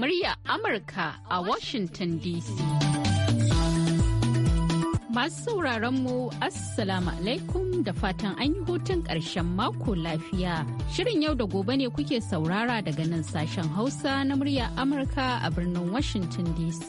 murya Amurka a Washington DC. Masu sauraron mu Assalamu alaikum da fatan an yi hutun ƙarshen mako lafiya. Shirin yau da gobe ne kuke saurara daga nan sashen Hausa na murya Amurka a birnin Washington DC.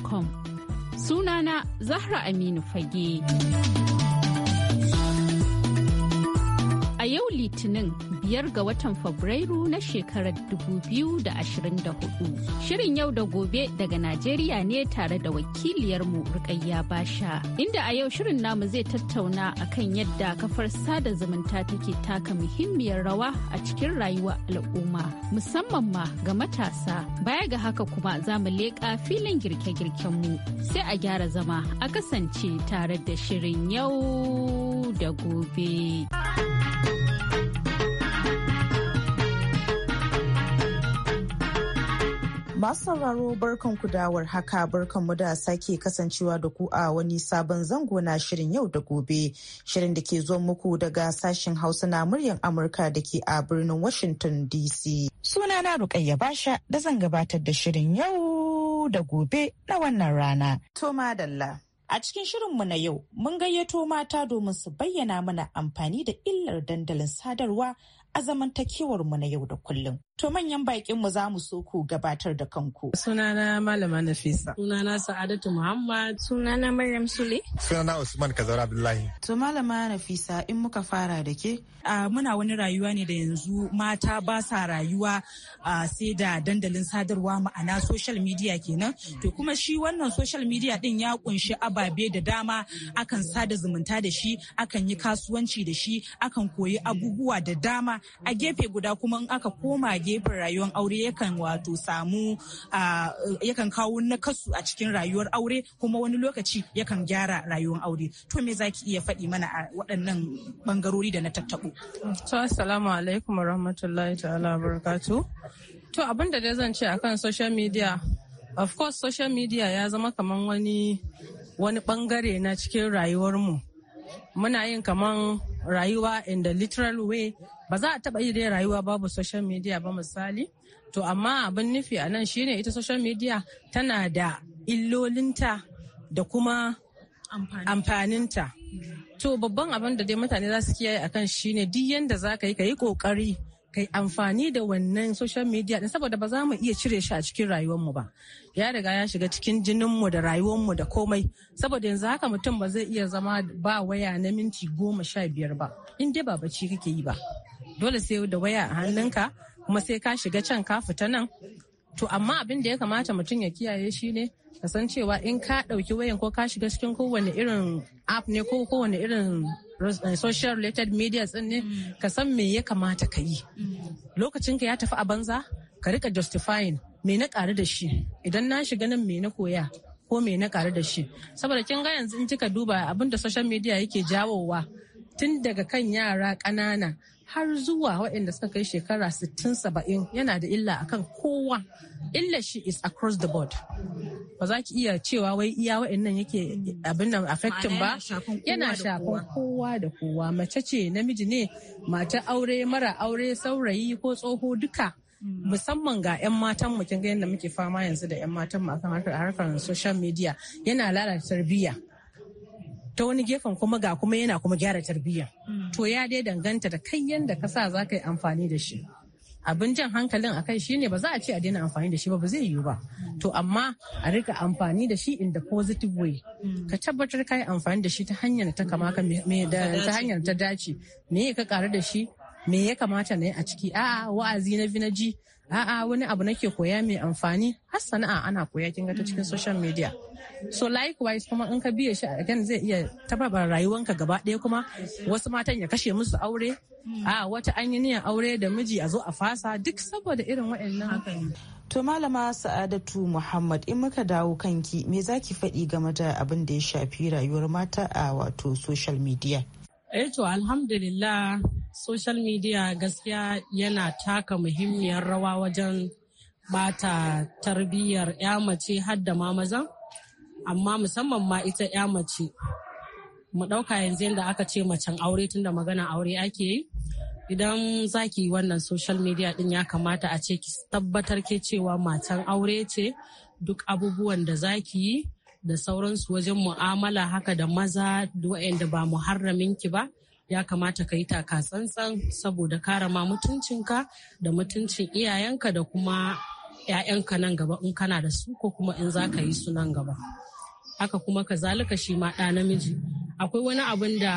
hausa.com. Sunana Zahra Aminu Fage. a yau litinin biyar ga watan Fabrairu na shekarar 2024. Shirin yau da gobe daga Najeriya ne tare da wakiliyarmu Rukayya Basha, inda a yau shirin namu zai tattauna a kan yadda kafar sada zumunta take taka muhimmiyar rawa a cikin rayuwa al'umma, musamman ma ga matasa. Baya ga haka kuma za mu leƙa filin girke-girkenmu sai a gyara zama a kasance tare da shirin yau. da gobe. Masu sauraro barkan kudawar haka barkan mu da sake kasancewa da ku a wani sabon zango na shirin yau da gobe. Shirin da ke zo muku daga sashen Hausa na muryar Amurka da ke a birnin Washington DC. suna Sunana Rukayya Basha da zan gabatar da shirin yau da gobe na wannan rana. Toma Dalla. A cikin shirin mu na yau, mun gayyato mata domin su bayyana mana amfani da illar dandalin sadarwa a mu na yau da kullum. To manyan bakin mu za mu so ku gabatar da kanku. Sunana Malama Nafisa. Sunana Sa'adatu Muhammad. Sunana Maryam Sule. Sunana Usman Kazaura Abdullahi. To Malama Nafisa in muka fara da ke. muna wani rayuwa ne da yanzu mata ba sa rayuwa uh, sai da dandalin sadarwa ma'ana social media kenan. To kuma shi wannan social media din ya kunshi ababe da dama akan sada zumunta da shi, akan yi kasuwanci da shi, akan koyi abubuwa da dama. A gefe guda kuma in aka koma gefe gefen rayuwar aure yakan wato samu yakan kawo nakasu a cikin rayuwar aure kuma wani lokaci yakan gyara rayuwar aure to me zaki iya faɗi mana a waɗannan bangarori da na tattabo to assalamu alaikum warahmatullahi ta'ala barakatu to abin da zan ce akan social media of course social media ya zama kamar wani wani bangare na cikin rayuwar mu muna yin kaman rayuwa in the literal way ba za a taɓa yi dai rayuwa babu social media ba misali to amma abin nufi a nan shine ita social media tana da illolinta da kuma amfaninta to babban abin da dai mutane za su kiyaye akan shine duk yanda za ka yi ka yi kokari yi amfani da wannan social media din saboda ba za mu iya cire shi a cikin rayuwarmu ba ya riga ya shiga cikin jininmu da rayuwar mu da komai saboda yanzu haka mutum ba zai iya zama ba waya na minti goma sha biyar ba in dai ba bacci kake yi ba dole sai da waya a hannunka kuma sai ka shiga can ka fita nan to amma abin da ya kamata mutum ya kiyaye shi ne ka san cewa in ka ɗauki wayan ko ka shiga cikin kowane irin app ne ko kowane irin eh, social related media din ne mm. ka san me ya kamata ka yi mm. lokacin ka ya tafi a banza ka rika justifying me na ƙaru da shi idan na shiga nan me na koya ko me na ƙaru da shi saboda kin ga yanzu in kika duba abin da social media yake jawowa tun daga kan yara ƙanana har zuwa waɗanda suka kai shekara 60-70 yana da illa akan kowa illa shi is across the board ba za ki iya cewa wai iya waɗannan yake abin nan affecting ba yana shafan kowa da kowa mace ce namiji ne mata aure mara aure saurayi ko tsoho duka mm. musamman ga 'yan matan mu ga yadda muke fama yanzu da 'yan matan mu akan harkar social media yana lalata tarbiyya ta wani gefen kuma ga kuma yana kuma gyara tarbiyya hmm. to ya dai danganta da kai yanda ka sa za ka yi amfani da shi abin jan hankalin akai ne ba za a ce a daina amfani da shi ba ba zai yiwu ba to amma a rika amfani da shi in the positive way hmm. ka tabbatar ka amfani da shi ta hanyar ta kamata ta hanyar ta dace me ka karu da shi me ya kamata na yi a ciki a'a wa'azi na ji a'a wani abu nake koya mai amfani har sana'a ana koya kin ga ta cikin social media so likewise kuma in ka biya shi again zai iya tababar rayuwanka gaba ɗaya kuma wasu matan ya kashe musu aure a wata an yi niyan aure da miji a zo a fasa duk saboda irin waɗannan To malama Sa'adatu Muhammad in muka dawo kanki me zaki faɗi game da abin da ya shafi rayuwar mata a wato social media? Eh to alhamdulillah social media gaskiya yana taka muhimmiyar rawa wajen bata tarbiyyar ya mace hadda ma mazan amma musamman ma ita ya mace mu ɗauka yanzu yadda aka ce macen aure tunda magana aure ake yi idan zaki yi wannan social media din ya kamata a ce ki tabbatar ke cewa matan aure ce duk abubuwan da za yi da sauransu wajen mu'amala haka da maza da ba mu ki ba ya kamata ka yi taka tsantsan saboda kare ma mutuncinka da mutuncin iyayenka da kuma 'ya'yanka nan gaba in kana da su ko kuma in za ka yi su nan gaba haka kuma ka zalika shi ma ɗa namiji akwai wani abin da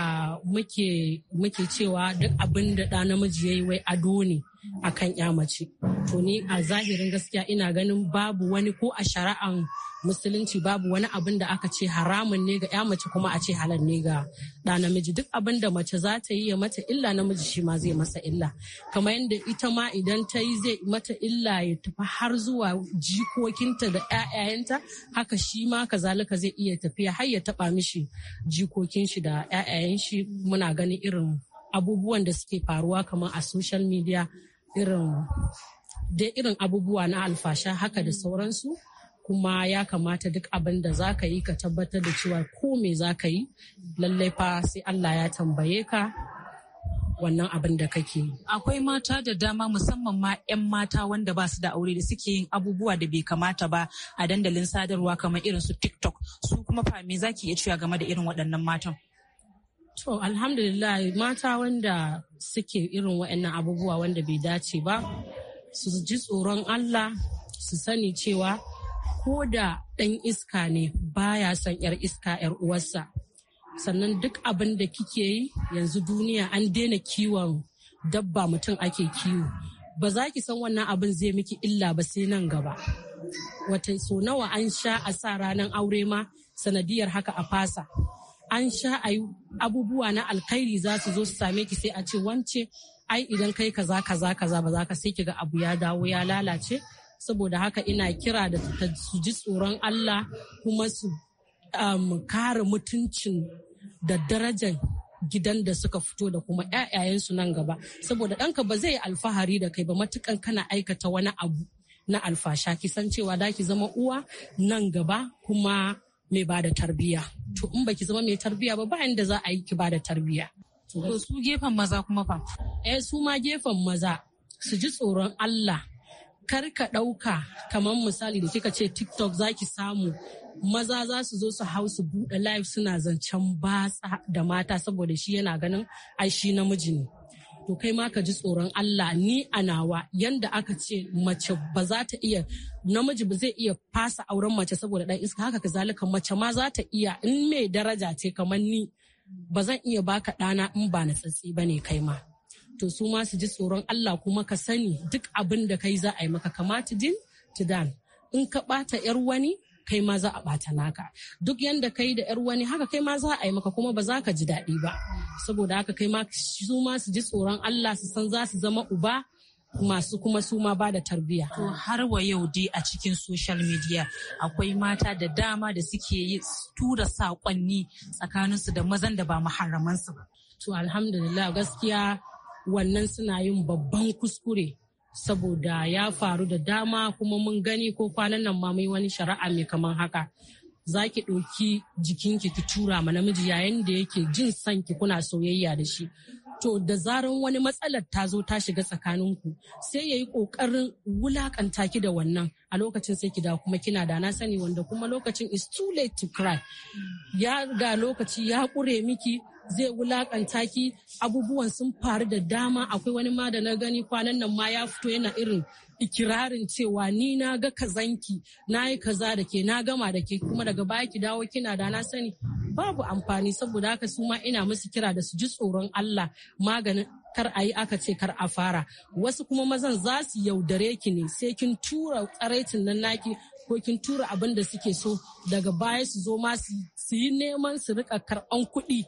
muke cewa duk abin da ɗa namiji ya yi wai ado ne akan ya mace to ni a zahirin gaskiya ina ganin babu wani ko a shari'an musulunci babu wani abin da aka ce haramun ne ga ya mace kuma a ce halal ne ga ɗa namiji duk abin da mace za ta yi ya mata illa namiji shi ma zai masa illa kamar yadda ita ma idan ta yi zai mata illa ya tafi har zuwa jikokinta da ƴaƴayenta haka shi ma kazalika zai iya tafiya har ya taɓa mishi jikokin shi da ƴaƴayen shi muna ganin irin abubuwan da suke faruwa kamar a social media irin da irin abubuwa na alfasha haka da sauransu kuma ya kamata duk abin da za ka yi ka tabbatar da cewa ko me za ka yi lallai fa sai Allah ya tambaye ka wannan abin da kake yi. Akwai mata da dama musamman ma 'yan mata wanda ba su da aure da suke yin abubuwa da bai kamata ba a dandalin sadarwa kamar irin su TikTok su kuma fa me za ki iya cewa game da irin waɗannan matan? To alhamdulillah mata wanda suke irin waɗannan abubuwa wanda bai dace ba su ji tsoron Allah su sani cewa ko da ɗan iska ne baya son 'yar iska 'yar uwarsa. Sannan duk abin da kike yi yanzu duniya an daina kiwon dabba mutum ake kiwo. Ba za ki san wannan abin zai miki illa ba sai nan gaba. Wata so nawa an sha a sa ranar aure ma sanadiyar haka a fasa. an sha a abubuwa na alkhairi za su zo su same ki sai a ce wance ai idan kai kaza kaza kaza ba za ka sai kiga abu ya dawo ya lalace saboda haka ina kira da su ji tsoron Allah kuma su um, kare mutuncin da darajar gidan da suka fito da kuma 'ya'yayensu nan gaba saboda ɗanka ba zai alfahari da kai ba matukan kana aikata wani abu na alfasha ki san cewa da ki zama uwa nan gaba kuma mai bada tarbiyya. to in baki zama mai tarbiya ba ba inda za a yi ki bada tarbiya to su gefen maza kuma fa eh su ma gefen maza su ji tsoron Allah kar ka ɗauka kamar misali da kika ce tiktok zaki samu maza za su zo su hau su buɗe live suna zancen batsa da mata saboda shi yana ganin ai shi namiji ne to kai ma ka ji tsoron Allah ni a nawa yanda aka ce mace ba za ta iya namiji ba zai iya fasa auren mace saboda dan iska haka kazalika mace ma za ta iya in mai daraja ce kamar ni ba zan iya baka ɗana in ba na tsatsi ne kai ma to su ma su ji tsoron Allah kuma ka sani duk abin da kai za a yi maka kamata din tidan in ka ɓata yar wani kai ma za a bata naka duk yanda kai da yar wani haka kai ma za a yi maka kuma ba za ka ji daɗi ba saboda haka kai ma su ma su ji tsoron Allah su san za su zama uba masu kuma su ma ba da tarbiyya. To har wa yau dai a cikin social media akwai mata da dama da suke yi tura saƙonni tsakaninsu da mazan da ba maharamansu ba. To alhamdulillah gaskiya wannan suna yin babban kuskure saboda ya faru da dama kuma mun gani ko kwanan nan ma mai wani shari'a mai kamar haka za ki ɗauki jikinki ki tura ma namiji yayin da yake jin son ki kuna soyayya da shi to da zarar wani matsalar ta zo ta shiga tsakaninku sai ya yi ƙoƙarin wulaƙanta ki da wannan a lokacin sai ki da kuma kina da na sani wanda kuma lokacin is too late to cry ya ga lokaci ya ƙure miki zai wulakanta ki abubuwan sun faru da dama akwai wani ma da na gani kwanan nan ma ya fito yana irin ikirarin cewa ni na ga kazanki na yi kaza da ke na gama da ke kuma daga baya ki dawo kina da na sani babu amfani saboda haka su ma ina musu kira da su ji tsoron Allah maganin kar a yi aka ce kar a fara wasu kuma mazan za su yaudare ki ne sai kin tura tsaraitin nan naki ko kin tura abin da suke so daga baya su zo ma su yi neman su rika karɓan kuɗi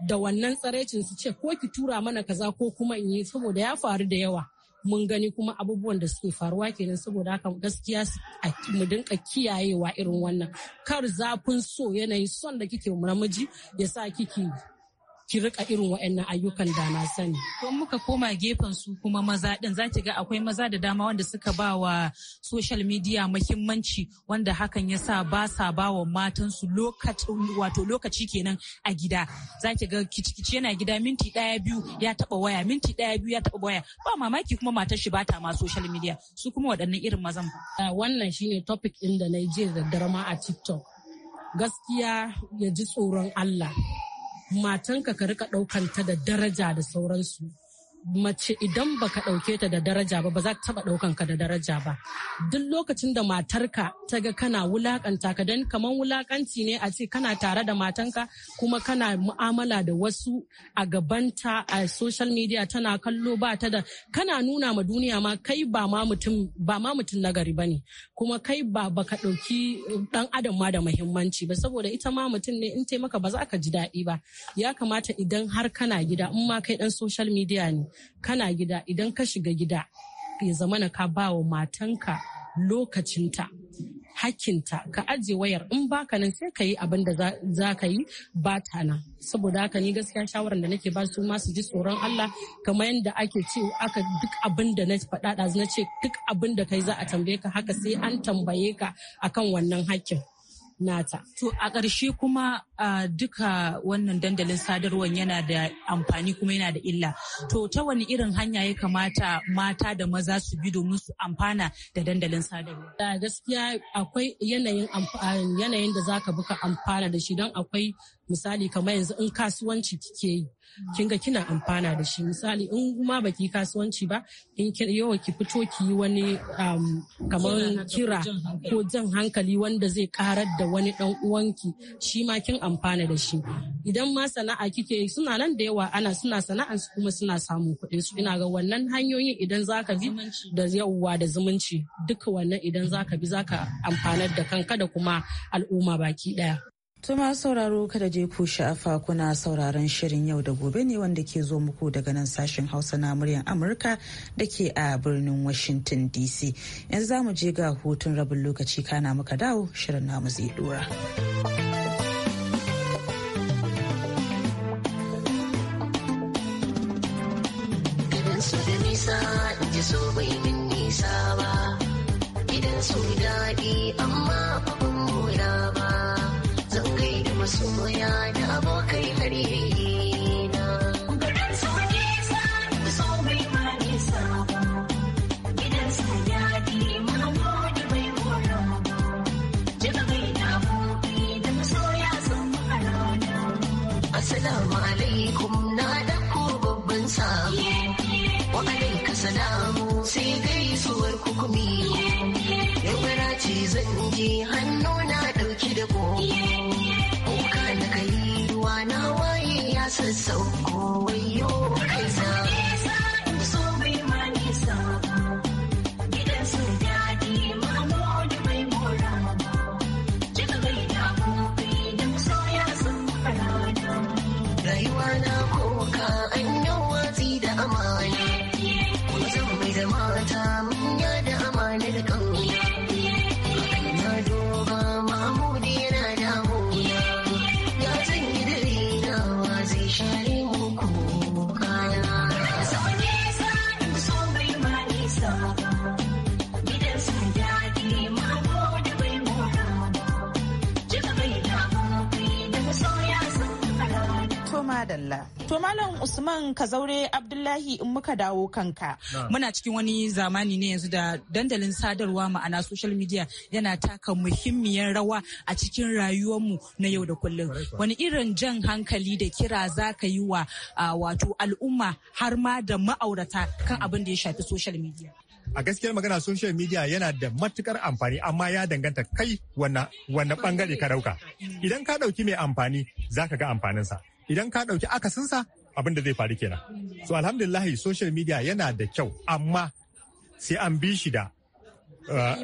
da wannan tsaraicin su ce ko ki tura mana kaza ko kuma in yi saboda ya faru da yawa mun gani kuma abubuwan da suke faruwa kenan saboda haka gaskiya mu dinka kiyayewa irin wannan kar zafin so yanayi son da kike namiji ya sa kike ki rika irin waɗannan ayyukan da na sani. Don muka koma gefen su kuma maza ɗin za ki ga akwai maza da dama wanda suka ba wa social media mahimmanci wanda hakan ya sa ba sa ba wa matansu wato lokaci kenan a gida. Za ki ga kicikici yana gida minti ɗaya biyu ya taɓa waya minti ɗaya biyu ya taɓa waya ba mamaki kuma matar shi ba ta ma social media su kuma waɗannan irin mazan. Ah, wannan shine topic ɗin da na je da darama a TikTok. Gaskiya ya ji tsoron Allah. matanka ka rika ɗaukanta da daraja da sauransu mace idan baka ɗauke ta da daraja ba ba za ta taɓa ɗaukan ka da daraja ba duk lokacin da matarka ta ga kana wulakanta ka dan kaman wulakanci ne a ce kana tare da matanka kuma kana mu'amala da wasu a gabanta a social media tana kallo ba ta da kana nuna ma duniya ma kai ba ma mutum ba ma mutum na gari bane kuma kai ba baka ɗauki dan adam ma da muhimmanci ba saboda ita ma mutum ne in taimaka ba za ka ji daɗi ba ya kamata idan har kana gida in ma kai dan social media ne kana gida idan ka shiga gida ya zamana ka ba wa matanka lokacinta hakinta ka ajiye wayar in baka nan sai ka yi abin da za ka yi ba ta nan saboda haka ni gaskiya shawarar da nake ba su ma ji tsoron Allah kamar yadda ake ce aka duk abin da na faɗa na ce duk abin da kai za a tambaye ka haka sai an tambaye ka akan wannan hakkin nata. To a ƙarshe kuma duka wannan dandalin sadarwar yana da amfani kuma yana da illa. To ta wani irin hanya ya kamata mata da maza su bi domin su amfana da dandalin sadarwa? Da gaskiya akwai yanayin da za ka buka amfana da shi don akwai misali kamar yanzu in kasuwanci kike yi kin ga kina amfana da shi misali in kuma baki kasuwanci ba in yawa ki fito ki yi wani um, kamar kira ko jan hankali wanda zai karar da wani dan uwanki shi ma kin amfana da shi idan ma sana'a kike suna nan da yawa ana suna sana'an su kuma suna samun kuɗin su ina ga wannan hanyoyin idan zaka bi da yawwa da zumunci duka wannan idan zaka bi zaka amfanar da kanka da kuma al'umma baki ɗaya. ma sauraro kada je ku sha'afa kuna sauraron shirin yau da gobe ne wanda ke zo muku daga nan sashen Hausa na muryar Amurka da ke a birnin Washington DC. Yanzu za mu je ga hutun rabin lokaci kana muka dawo shirin namu zai dora. masoya da abokai fari na. Garin su nisa, so bai ma nisa ba, gidan su daɗi bai gora ba. Jika bai na buɗe da masoya sun fara na. Assalamu alaikum na dako babban sabo. Wa alaika salamu sai gaisuwar kukumi. Yau gara ce zan je hannu. so Usman Kazaure Abdullahi in muka dawo kanka. Muna cikin wani zamani ne yanzu da dandalin sadarwa ma'ana social media yana taka muhimmiyar rawa a cikin rayuwarmu na yau da kullum. Wani irin jan hankali da kira za ka yi wa wato al'umma har ma da ma'aurata kan abin da ya shafi social media. a gaskiyar magana social media yana da matukar amfani amma ya danganta kai wanne bangare ka dauka idan ka dauki mai amfani za ka ga amfaninsa idan ka dauki akasinsa abin da zai faru kenan so alhamdulillahi social media yana da kyau amma sai an bi shi da uh,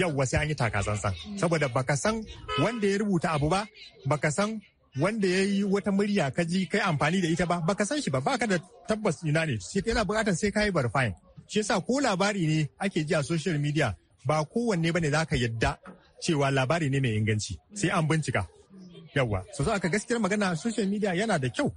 yawwa sai an yi takasansan saboda baka san wanda ya rubuta abu ba baka san wanda ya yi wata murya ka ji kai amfani da ita ba baka san shi ba baka da tabbas ina ne sai yana bukatan sai ka yi barfayin shi yasa ko labari ne ake ji a social media ba kowanne ba ne za ka yadda cewa labari ne mai inganci sai an bincika yawwa so aka gaskiyar magana social media yana da kyau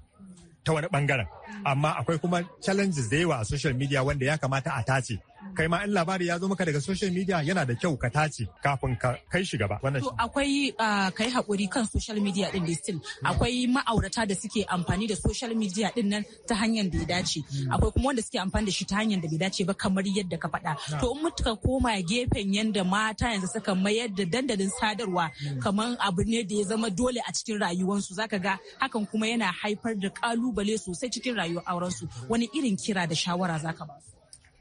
ta wani bangaren amma akwai kuma challenges da yawa a social media wanda ya kamata a tace kai ma in labari ya zo maka daga social media yana da kyau ka tace kafin ka kai shi gaba wannan akwai ah, kai hakuri kan social media din da still mm. akwai ma'aurata da suke amfani da social media din nan ta hanyar da ya dace mm. akwai kuma wanda suke amfani da shi ta hanyar da bai dace ba kamar yadda ka faɗa to in muka koma gefen yanda mata yanzu suka mayar da dandalin sadarwa mm. kamar abu ne da ya zama dole a cikin rayuwarsu zaka ga hakan kuma yana haifar da kalubale sosai cikin rayuwar aurensu wani irin kira da shawara zaka ba su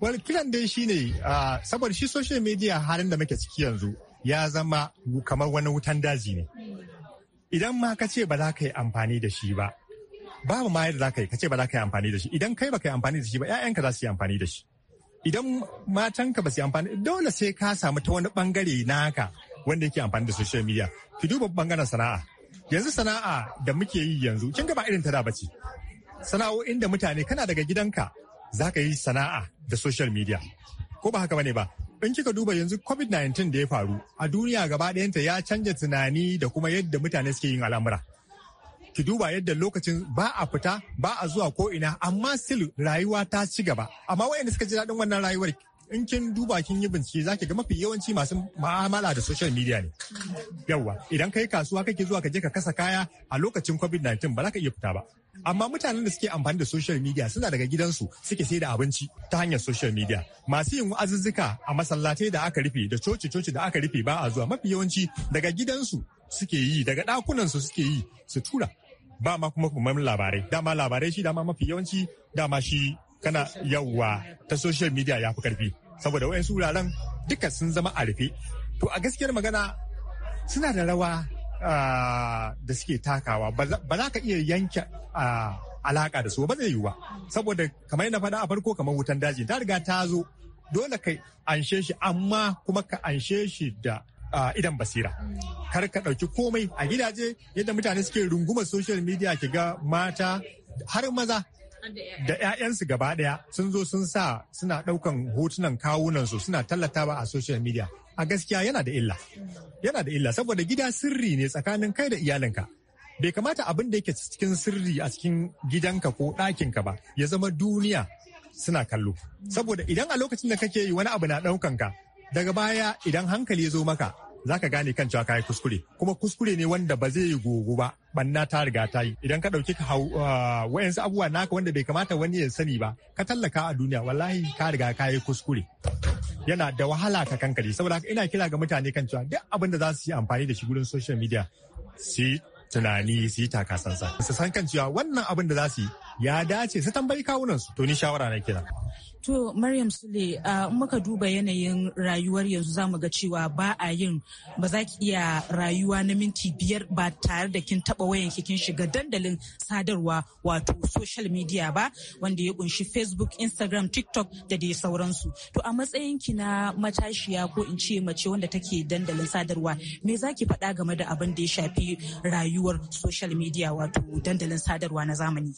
Wani kiran dai shi ne ah, saboda shi social media halin da muke ciki yanzu ya zama kamar wani wutan daji ne. Idan ma ka ce ba za ka yi amfani da shi ba, babu ma yadda za ka yi, ka ce ba za ka yi amfani da shi. Idan kai ba ka yi amfani da shi ba, 'ya'yanka za su yi amfani da shi. Idan matanka ba su yi amfani, dole sai ka samu ta wani na naka wanda yake amfani da social media. Ki duba ɓangaren sana'a. Yanzu sana'a da muke yi yanzu, kin ga ba irin ta da bace. Sana'o'in da mutane kana daga gidanka za ka yi sana'a da social media ko ba haka bane ba in kika duba yanzu covid-19 da ya faru a duniya gaba ɗayanta ya canja tunani da kuma yadda mutane suke yin al'amura ki duba yadda lokacin ba a fita ba a zuwa ko ina amma sil rayuwa ta ci gaba amma wayanda suka ji daɗin wannan rayuwar in kin duba kin yi bincike zaki ga mafi yawanci masu ma'amala da social media ne yawwa idan kai kasuwa kake zuwa ka je ka kasa kaya a lokacin covid-19 ba za ka iya fita ba amma mutanen da suke amfani da social media suna daga gidansu suke sai da abinci ta hanyar social media masu yin wa'azuzzuka a masallatai da aka rufe da coci-coci da aka rufe ba a zuwa mafi yawanci daga gidansu suke yi daga dakunansu suke yi su tura ba ma kuma kuma labarai dama labarai shi dama mafi yawanci dama shi kana yawwa ta social media ya fi karfi saboda wayansu wuraren duka sun zama a rufe to a gaskiyar magana suna da rawa ah, da suke takawa ba za ka iya yanke ah, alaka da su ba zai yiwuwa saboda kamar na faɗa a farko kamar wutan daji ta riga ta zo dole ka anshe shi amma kuma ka anshe shi da ah, idan basira kar ka ɗauki komai a gidaje yadda mutane suke runguma social media ki ga mata har maza da 'ya'yansu gaba ɗaya sun zo sun sa suna ɗaukan hotunan kawunansu suna tallatawa a social media a gaskiya yana da illa yana da illa saboda gida sirri ne tsakanin kai da iyalinka bai kamata abin da yake cikin sirri a cikin gidanka ko ɗakinka ba ya zama duniya suna kallo saboda idan a lokacin da kake yi wani abu na ɗaukanka daga baya idan hankali ya zo maka za ka gane kan cewa kayi kuskure kuma kuskure ne wanda ba zai yi gogo ba banna ta riga ta yi idan ka ɗauki ah, wayansu abubuwa naka wanda bai kamata wani ya sani ba ka tallaka a duniya wallahi ka riga kayi kuskure yana da wahala ka kankare saboda ina kira ga mutane kan cewa duk abin da za su yi amfani da shi gurin social media su tunani su yi takasansa su san kan cewa wannan abin da za su yi ya dace su tambayi kawunan su to ni shawara na kira To Maryam Sule, in muka duba yanayin rayuwar yanzu za mu ga cewa ba a yin ba za ki iya rayuwa na minti biyar ba tare da kin taba wayan kin shiga dandalin sadarwa wato social media ba wanda ya kunshi Facebook, Instagram, TikTok da dai sauransu. To a matsayin ki na matashiya ko in ce mace wanda take dandalin sadarwa, me za ki faɗa game da abin da ya shafi rayuwar social media wato dandalin sadarwa na zamani?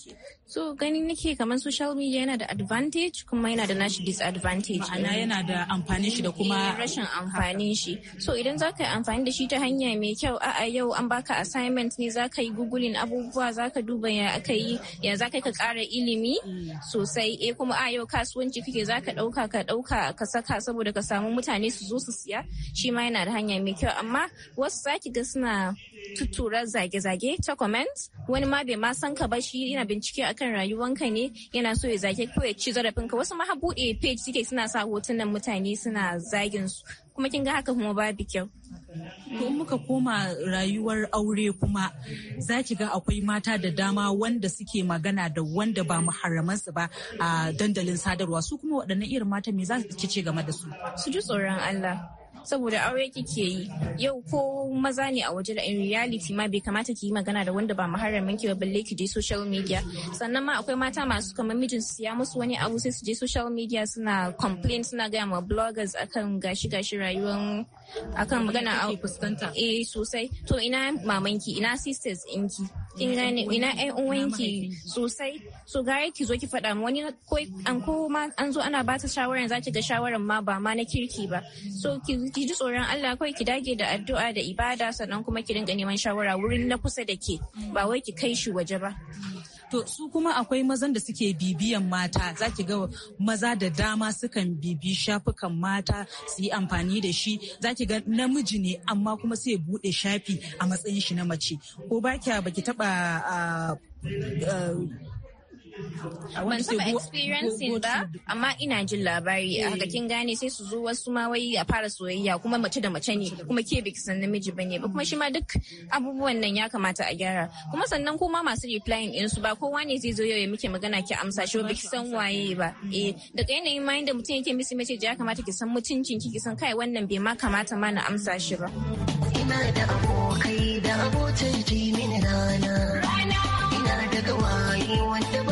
So ganin nake kamar social media yana da advantage kuma yana da nashi disadvantage ma'ana yana da amfani shi da kuma eh, rashin amfanin shi so idan za ka yi amfani da shi ta hanya mai kyau a yau an baka assignment ne za ka yi googling abubuwa za ka duba ya aka yi ya za ka ka kara ilimi mm. sosai eh kuma a yau kasuwanci kake za ka ɗauka ka ɗauka ka saka saboda ka samu mutane su zo su siya shi ma yana da hanya mai kyau amma wasu zaki ga suna tuttura zage-zage ta comment wani ma bai ma san ka ba shi yana bincike akan rayuwanka ne yana so ya zage ko ya ci zarafinka wasu kuma ha buɗe page suke suna sa hotunan mutane suna zagin su kuma kin ga haka kuma babu kyau To muka koma rayuwar aure kuma za ki ga akwai mata da dama wanda suke magana da wanda ba su ba a dandalin sadarwa su kuma waɗannan irin mata me za ci ce game da su? Su ji tsoron Allah. saboda aure kike yi yau ko maza ne a waje da in reality ma bai kamata ki yi magana da wanda ba muharramin ki ba balle ki je social media sannan ma akwai mata masu kamar mijin su ya musu wani abu sai su je social media suna complain suna gaya ma bloggers akan gashi gashi rayuwar akan magana a fuskanta eh sosai to ina mamanki ina sisters inki kin gane ina ƴan uwanki sosai so ga ki zo ki faɗa wani ko an ko ma an zo ana bata ta shawaran zaki ga shawaran ma ba ma na kirki ba so ki ji tsoron Allah kawai ki dage da addu'a da ibada sannan kuma ki dinga neman shawara wurin na kusa da ke ba wai ki kai shi waje ba to su kuma akwai mazan da suke bibiyan mata za ki ga maza da dama sukan bibi shafukan mata su yi amfani da shi za ki ga namiji ne amma kuma sai buɗe shafi a matsayin shi na mace ko ba ki taba taɓa ah, ah, ban experiencing ba amma ina jin labari a haka eh. kin gane sai su zo wasu ma wai a fara soyayya kuma mace da mace ne kuma ke biki san namiji bane ba kuma shi ma duk abubuwan nan ya kamata a gyara kuma sannan kuma masu replying din su ba kowa ne zai zo yau ya muke magana ki amsa shi ba san waye ba mm. eh daga yanayin ma da mutum yake misi mace ya kamata ki san mutuncin ki ki san kai wannan bai ma kamata ma na amsa shi ba ina da abokai da abotar jimin rana ina da gawayi wanda ba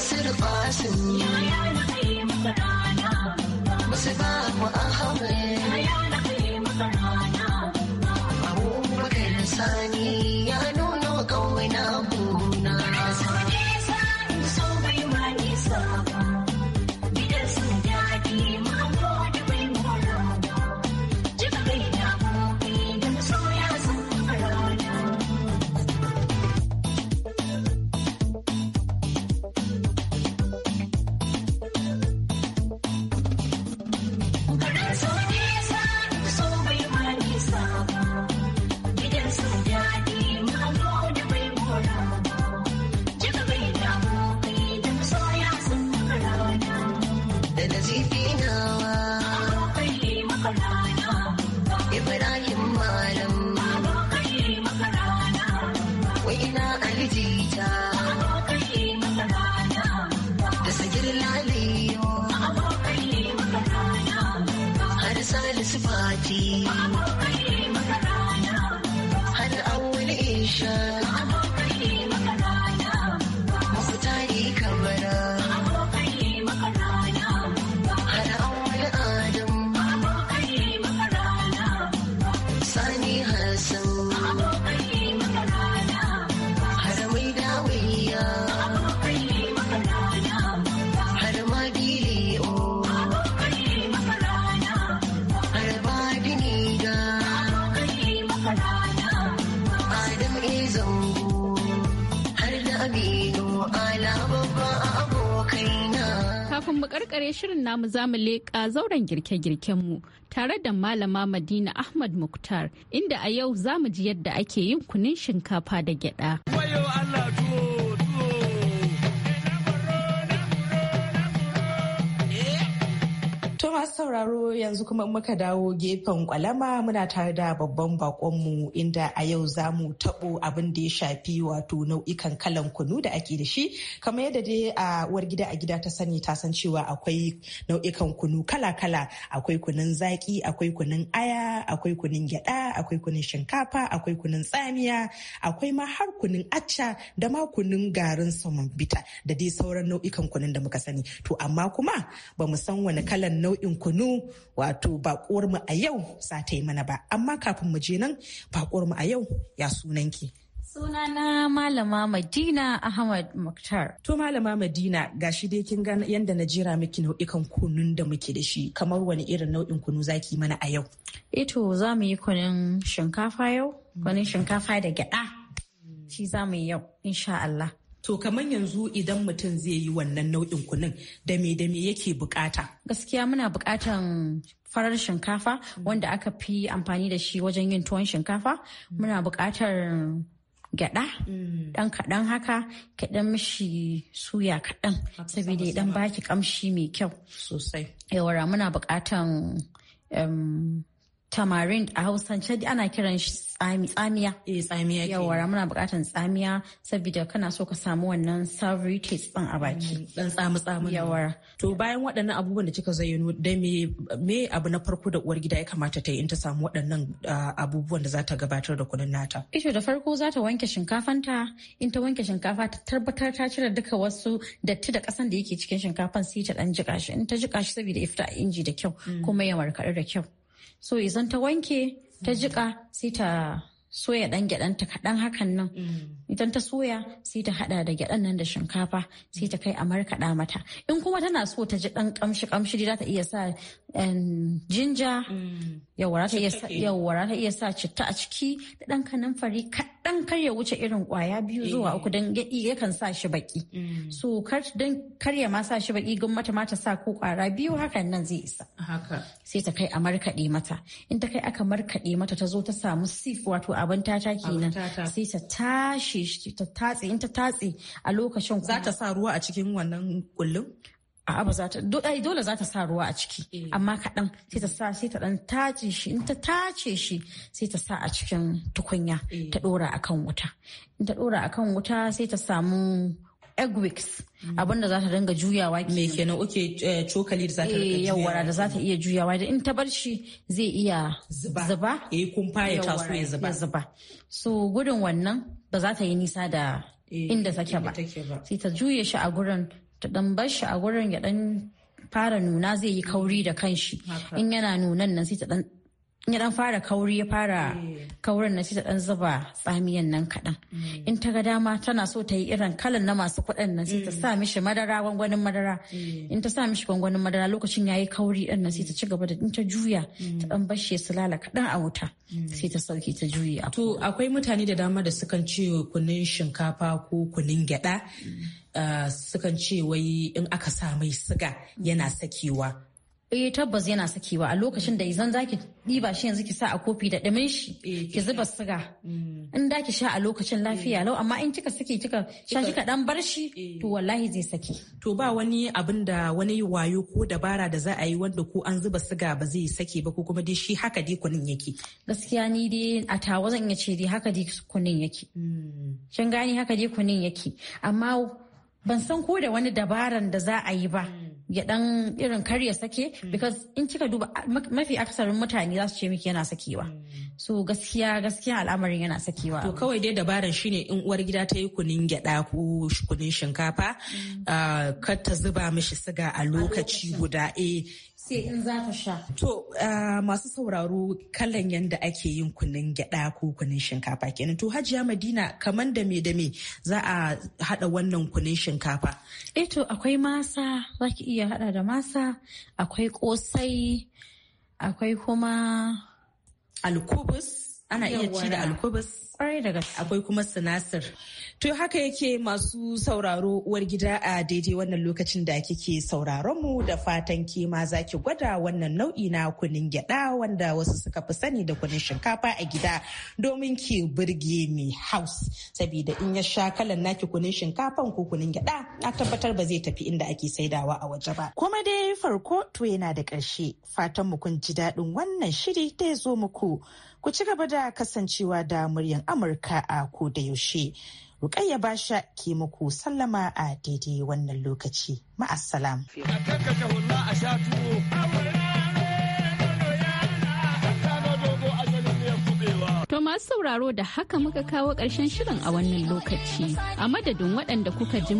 Mansur Qasim Musu ba ku an haure Aminu Kafin mu karkare shirin namu zamu leƙa zauren girke girken mu, tare da malama Madina Ahmad mukhtar inda a yau zamu ji yadda ake yin kunin shinkafa da gyada. masu sauraro yanzu kuma muka dawo gefen kwalama muna tare da babban bakonmu inda a yau za mu taɓo abin da ya shafi wato nau'ikan kalan kunu da ake da shi kamar yadda dai a uwar gida a gida ta sani ta san cewa akwai nau'ikan kunu kala-kala akwai kunun zaki akwai kunun aya akwai kunun gyada akwai kunun shinkafa akwai kunun tsamiya akwai ma har kunun acca da ma kunun garin saman bita da dai sauran nau'ikan kunun da muka sani to amma kuma ba mu san wani kalan nau'in shirin kunu wato bakuwar mu a yau za ta yi mana ba amma kafin mu je nan bakuwar mu a yau ya sunanki Sunana Malama Madina Ahmad muktar To Malama Madina gashi dai kin ga yanda na jira miki nau'ikan kunun da muke da shi kamar wani irin nau'in kunu zaki mana a yau. Eto eh za mu yi kunun shinkafa yau, kunun shinkafa da gyada. Shi za mu yi yau insha Allah. To kamar yanzu idan mutum zai yi wannan nau'in kunun da me da me yake bukata. Gaskiya muna bukatan farar shinkafa wanda aka fi amfani da shi wajen yin tuwon shinkafa. Muna bukatar gyada mm. dan kaɗan haka kaɗan mishi suya kaɗan saboda ya dan baki kamshi mai kyau. Sosai. Yawara muna bukatan um, tamarind a hausance ana kiran shi tsamiya eh, tsamiya yawara muna bukatan tsamiya saboda kana so ka samu wannan savory taste din a baki dan mm, tsami tsami. yawara to bayan waɗannan abubuwan da kika zayyano dai me abu na farko da uwar gida ya kamata ta yi in ta samu waɗannan abubuwan da za ta gabatar da kudin nata ito da farko za ta wanke shinkafanta in ta wanke shinkafa ta tabbatar ta cire duka wasu datti da kasan da yake cikin shinkafan sai ta dan jika shi in ta jika shi saboda ya fita a inji da kyau mm. kuma ya kaɗa da kyau so izan ta wanke ta jika sai ta soya dan gyaɗan ta kaɗan hakan nan mm. idan ta soya sai ta hada da gyaɗan nan da shinkafa sai ta kai a markaɗa mata in kuma tana so ta ji dan kamshi kamshi za ta iya sa jinja mm. yawara ta iya sa citta a ciki da ɗan kanan fari kaɗan dan kar ya wuce irin kwaya biyu zuwa eh. uku don yakan sa shi baki mm. so kar don kar ya ma sa shi baki gun mata mata sa ko kwara biyu hakan nan zai isa sai ta kai a markaɗe mata in ta kai aka markaɗe mata ta zo ta samu sif wato abin tata kenan sai ta tashi ta tatse in ta tatse a lokacin za ta sa ruwa a cikin wannan kullum a'a ba za ta dole za ta sa ruwa a ciki eh. amma kaɗan sai ta sa sai ta ɗan tace shi in ta tace shi sai ta sa a cikin tukunya eh. ta ɗora akan wuta in ta ɗora akan wuta sai ta samu egg wicks mm. abinda za ta dinga juyawa ke me kenan oke eh, cokali da za ta dinga juyawa da za ta iya juyawa da in ta bar shi zai iya zuba eh kumfa ya taso ya zuba zuba so gudun wannan ba za ta yi nisa da inda take ba sai ta juye shi a gurin ta dan bar shi a wurin ya dan fara nuna zai yi kauri da kanshi in yana nunan nan sai ta dan ya dan fara kauri ya fara eh. kaurin na ta dan zuba tsamiyan nan kadan mm. in ta ga dama tana so ta yi irin kalan na masu kuɗin nan sai ta mm. sa mishi madara gwangwanin madara mm. in ta sa mishi gwangwanin madara lokacin yayi kauri din nan sai ta ci gaba da in ta juya ta dan bashe su lala kadan a wuta sai ta sauke ta juya to akwai mutane da dama da sukan ce kunun shinkafa ko kunun gyada ah, sukan ce wai in aka sa mai siga yana sakewa eh tabbas yana sakewa a lokacin da izan zaki ɗiba shi yanzu ki sa a kofi da dumin shi eh, ki zuba siga mm. in da ki sha a lokacin lafiya eh. lau amma in kika sake kika sha shi dan bar shi eh. to wallahi zai sake. To ba wani abin da wani wayo ko dabara da za a yi wanda ko an zuba siga ba zai sake ba ko kuma dai shi haka dai kunin yake. Gaskiya ni dai a tawa zan iya ce dai haka dai kunin yake. Mm. Kin gani haka dai kunin yake amma ban san ko da wani dabaran da za a yi ba. Mm. ya dan irin kar sake mm. because in kika duba mafi aksarin mutane za su ce miki yana sakewa mm. so gaskiya gaskiya al'amarin yana sakewa to kawai dai dabaran shine in uwar gida ta yi kunin gyada ko kunin shinkafa mm. ah, kar ta zuba mishi siga a lokaci guda eh sai in za ka sha. To masu sauraro kallon yadda ake yin kunun gyada ko kunun shinkafa kenan. To Hajiya Madina kaman da me da me za a hada wannan kunun shinkafa. Eh to akwai masa za ki iya hada da masa akwai kosai akwai kuma alkubus. ana iya ci da alkubus akwai kuma sinasir to haka yake masu sauraro uwar gida a daidai wannan lokacin da kike sauraron mu da fatan ke ma za ki gwada wannan nau'i na kunin gyada wanda wasu suka fi sani da kunin shinkafa a gida domin ki burge mai house Sabida in ya sha kalan naki kunin shinkafan ko kunin gyada a tabbatar ba zai tafi inda ake saidawa a waje ba kuma dai farko to yana da ƙarshe fatan mu kun ji daɗin wannan shiri da ya zo muku Ku ci gaba da kasancewa da muryan Amurka a ko da yaushe. Rukayya Basha ke muku sallama a daidai wannan lokaci. ma'asalam. masu sauraro da haka muka kawo ƙarshen shirin a wannan lokaci. A madadin waɗanda kuka ji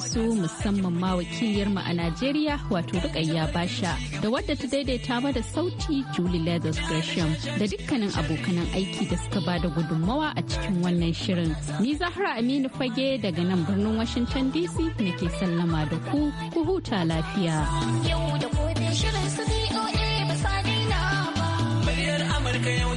su musamman ma wakiliyarmu a Najeriya wato Rukayya Basha da wadda ta daidaita bada sauti Julie Leathers Gresham da dukkanin abokanan aiki da suka bada gudunmawa a cikin wannan shirin. Ni Zahra Aminu Fage daga nan birnin Washington DC nake sallama da ku ku huta lafiya. Yau da shirin su ba sa daina ba. Amurka yau